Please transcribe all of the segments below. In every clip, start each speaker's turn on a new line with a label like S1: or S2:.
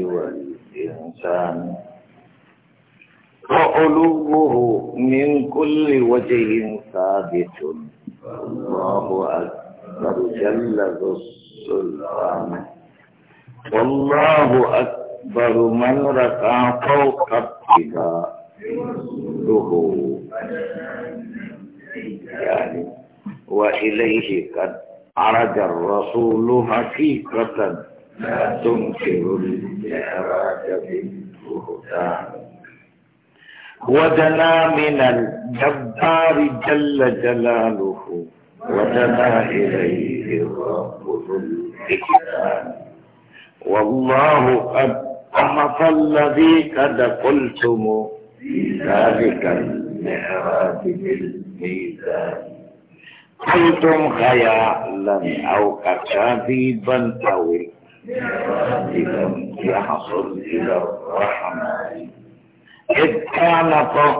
S1: والإنسان وعلوه من كل وجه ثابت والله أكبر جل ذو السلطان والله أكبر من ركع فوق الطباع يعني وإليه قد عرج الرسول حقيقة لا تنكر الإعراج بالبهتان
S2: ودنا من الجبار جل
S1: جلاله ودنا إليه الرب ذو الإحسان والله قد أحط الذي قد قلتم في ذلك المعراج بالميزان قلتم خيالا أو أكاذيبا أو يحصل إلى الرحمن إذ كان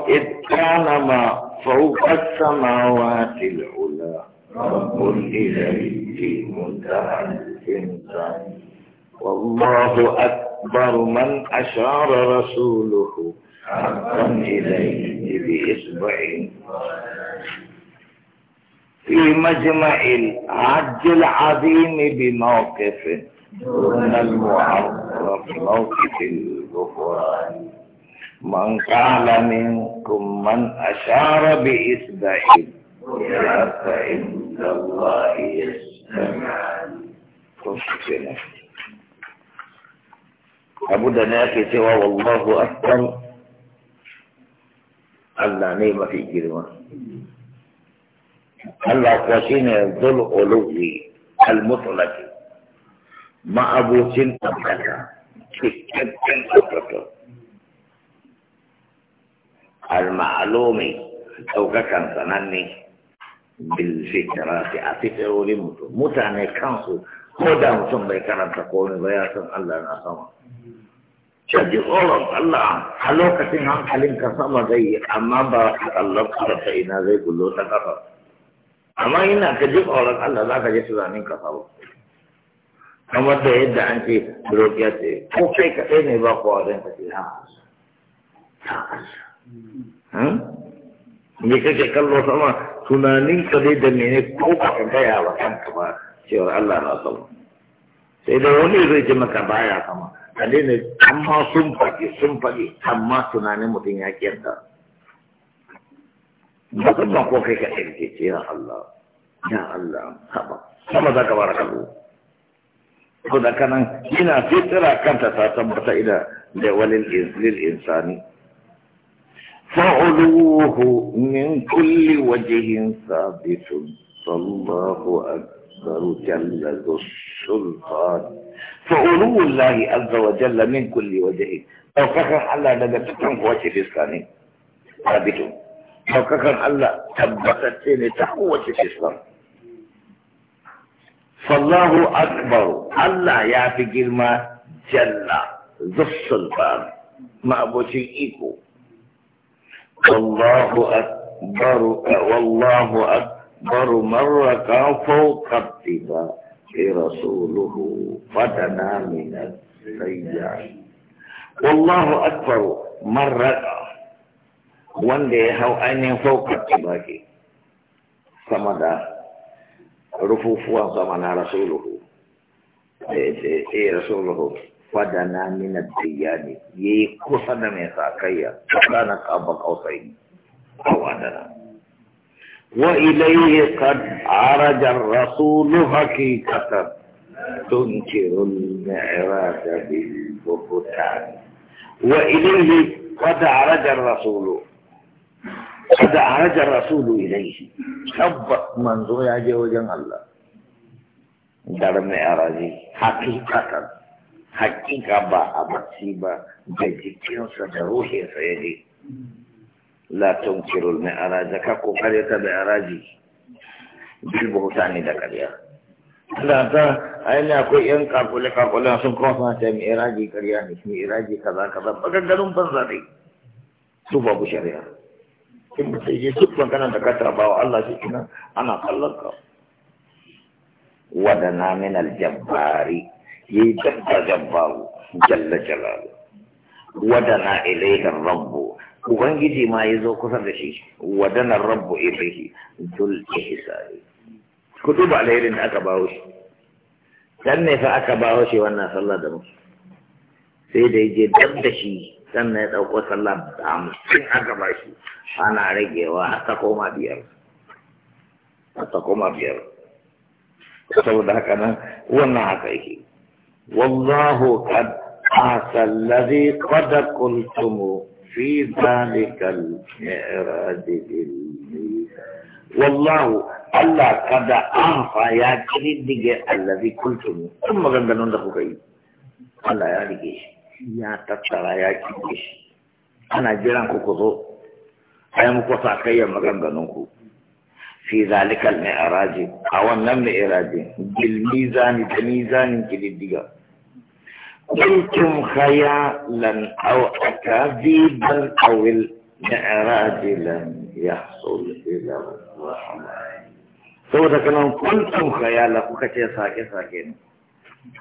S1: إذ كان ما فوق السماوات العلى رب إليه منتهى الإنسان والله أكبر من أشار رسوله حقا إليه بإصبع في مجمع الحج العظيم بموقفه دون المعرف موقف الغفران من قال منكم من أشار بإصبعه إن الله يستمع كفتنا أبو دنياك سوى والله أكبر Allah نيمة في جرمة Allah kuwa ذو ne المطلق ma'abocin ɗaukaka cikakken ɗaukaka al-ma'alumi ɗaukakan sananne bil fitrati a fitarorin mutum mutane kansu ko da mutum bai karanta komai ba ya san Allah na sama
S2: caji tsoron Allah kalau
S1: lokacin hankalin ka sama zai yi amma ba a kallon karanta ina zai gullo ta kafa amma ina ka Allah Allah lah ka sudah tunanin ka kamar da yadda an ce roƙiya ce ko kai kaɗai ne ba kowa zan tafi ha hmm? me kake kallo sama tunanin ka dai da mene ko ba ka gaya wa kanka ba cewar Allah na sama sai da wani zai ji maka baya sama ka daina amma sun faɗi sun faɗi amma tunanin mutum ya kiyarta musamman ko kai kaɗai ke ce ya Allah ya Allah sama sama za ka ba bara kallo ko da kanan yana fitira kanta ta tabbata ila da walil lil insani fa'uluhu min kulli wajhin sabitun sallahu akbar jalla sultan fa'uluhu allah azza wa jalla min kulli wajhin daukakan allah daga cikin kowace fiska ne sabitun daukakan allah tabbatacce ne ta kowace fiska فالله أكبر الله يا في كلمة جل ذو السلطان ما أبو إيكو والله أكبر والله أكبر مرة فوق الطباء رسوله فتنا من السيئات والله أكبر مرة وان دي هو أين فوق الطباء سمدا رفوفه ضمن رسوله اي إيه، إيه رسوله فدنا من الديان يكسر من ساقيا وكان قاب قوسين فوعدنا واليه قد عرج الرسول حقيقة تنكر المعراج بالبهتان واليه قد عرج الرسول kada harajar rasulu ilaihi tabbat manzo ya je wajen Allah dar mai arazi hakikatan hakika ba a bacci ba da jikinsa da ruhinsa ya je la tunkirul mai araji ka kokare ta mai araji bauta ne da karya da ta ainihin akwai yan kakule kakule sun kuma ta mai iraji karya ne mai iraji kaza kaza ba gaggarin banza ne su babu shari'a in mutum ya duk magana da kata bawa? wa Allah shi kina ana kallon ka wadana min jabbari yi dabba jabbaru jalla jalalu wadana ilayka rabbu ubangiji ma yazo kusa da shi wadana rabbu ilayhi dul ihsani ku duba alherin da aka bawo shi dan ne fa aka bawo shi wannan sallah da mu sai da je dabba da shi sannan ya ɗauko sallah da hamsin aka ba shi ana ragewa har ta koma biyar har ta koma biyar saboda haka nan wannan haka yake wallahu qad asa alladhi qad qultum fi dhalika al-mi'raj bil wallahu Allah kada afa ya kididdige alladhi qultum kuma maganganun da kuka yi Allah ya rige shi ya tattara ya kike shi ana jiran ku ku zo ai muku sakayyar maganganun ku fi zalikal mi'raji a wannan mi'raji bil mizani da mizanin kididdiga kuntum khayalan aw akaziban aw al mi'raji lam yahsul ila rahman saboda kana kuntum khayala kuka ce sake sake ne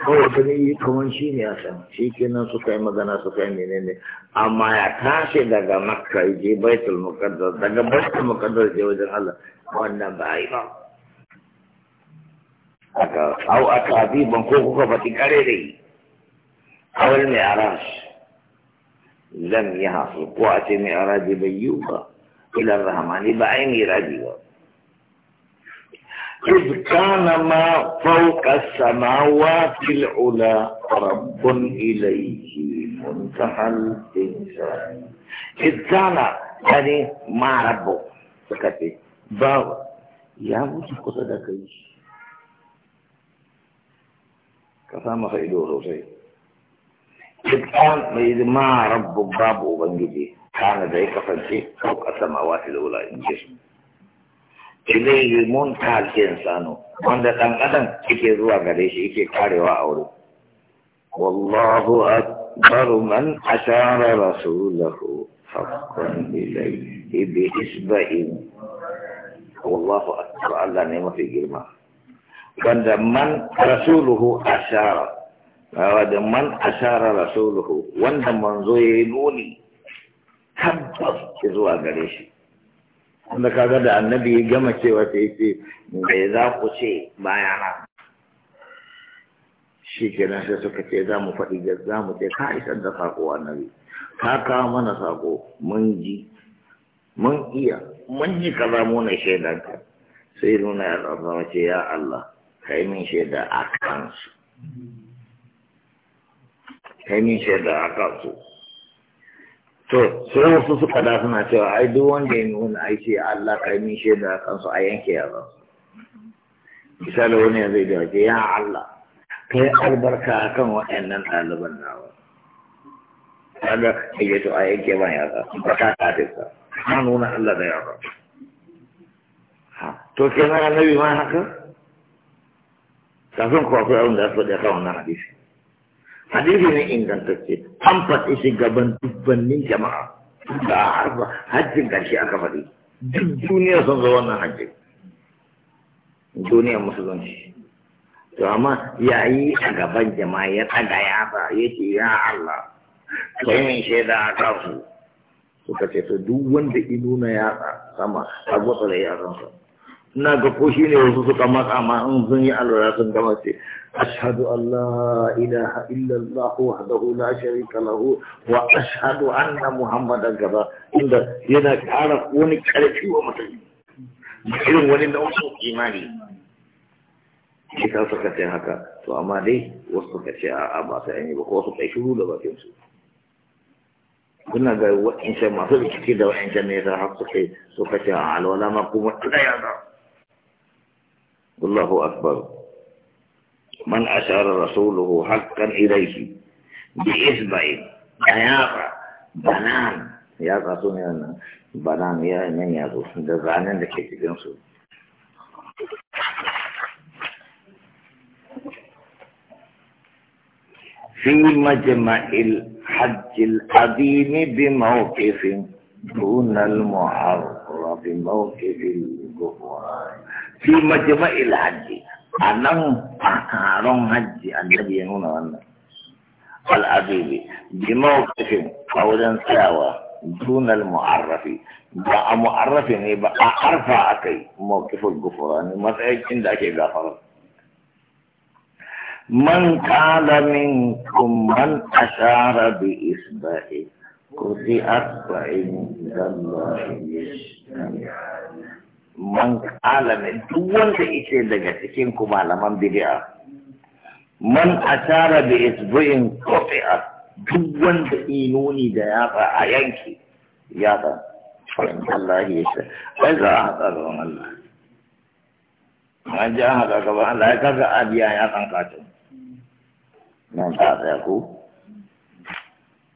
S1: kawai ta yi kamar shi ne a can shi kenan suka yi magana suka yi menene amma ya tashi daga makka ya je baitul muqaddas daga baitul muqaddas je wajen Allah wannan ba yi ba aka au aka bi ban ko kuka fati kare da yi awal mai arash lam yi hasu ko a ce mai araji bai yi ba ilar rahamani ba ai mai raji ba إذ كان ما فوق السماوات العلى رب إليه منتهى الإنسان إذ كان يعني ما ربه سكتي بابا يا موسى قصة كيش كسامة خيدو روسي إذ كان ما رب بابا وبنجدي كان ذلك فانسي فوق السماوات العلى إنجيش ilaihi munta al-insanu wanda dan adam yake zuwa gare shi yake karewa a wurin wallahu akbar man ashara rasulahu haqqan ilayhi bi isba'in wallahu akbar Allah ne mafi girma wanda man rasuluhu ashara wanda man ashara rasuluhu wanda manzo yayi nuni tabbas zuwa gare shi wanda kaga da annabi ya gama cewa sai ce me za ku ce bayana shi kenan sai suka ce za mu faɗi da za mu ce ka isar da saƙo annabi ka kawo mana saƙo mun ji mun iya mun ji ka kaza mu shaidan shaidanka sai nuna ya tsarsa ce ya Allah ka yi min shaida a kansu yi min shaida a kansu to sai wasu suka da suna cewa ai duk wanda ya nuna aiki Allah karmin shaida kansu a yanke ya zan misali wani ya zai dawace ya Allah kai albarka akan waɗannan ɗaliban nawa kaga ya to a yanke ban ya zan baka ta dinka ma nuna Allah da ya zan to kenan annabi ma haka kafin ku akwai abin da ya faɗi akan wannan hadisi hadisi ne ingantacce an faɗi gaban dubbannin jama'a da harba hajjin ƙarshe aka faɗi duk duniya sun zo wannan hajji duniya musulunci to amma yayi a gaban jama'a ya ya yasa ya ce ya Allah kai min shaida a kansu suka ce to duk wanda ya nuna yatsa sama a gwatsa da yatsansa na ga ko shine wasu suka matsa ma in sun yi alwala sun gama ce ashhadu allah ilaha illallah wahdahu la sharika lahu wa ashhadu anna muhammadan gaba inda yana kara wani karfi wa mutum irin wani wasu imani shi ka suka ce haka to amma dai wasu suka ce a ba ta yi ba ko wasu kai shiru da bakin su kuna ga wa'ancan masu rikici da wa'ancan ne ya sa suka ce a alwala ma kuma ɗaya ba الله أكبر من أشار رسوله حقا إليه بإذبع ديارة بنان يا رسول يا بنان يا من يا رسول ده زانين ده في مجمع الحج القديم بموقف دون المحرم بموقف الجهران في مجمع الحج أنهم أحارون حج النبي هنا وانا العظيم بموقف فوضا ساوى دون المعرف جاء معرف يبقى أرفع أكي موقف الغفران ما سأجد عندك غفر من قال منكم من أشار بإصبعه قضي أصبعي من الله man kala duk wanda yake daga cikin ku malaman bid'a man ashara bi isbu'in qati'a duk wanda inuni da fa a yanki yatsa Allah ya sa ai za a haɗa gaban Allah an ji an haɗa gaban Allah ya kaga abiya ya san katin nan ta tsaya ko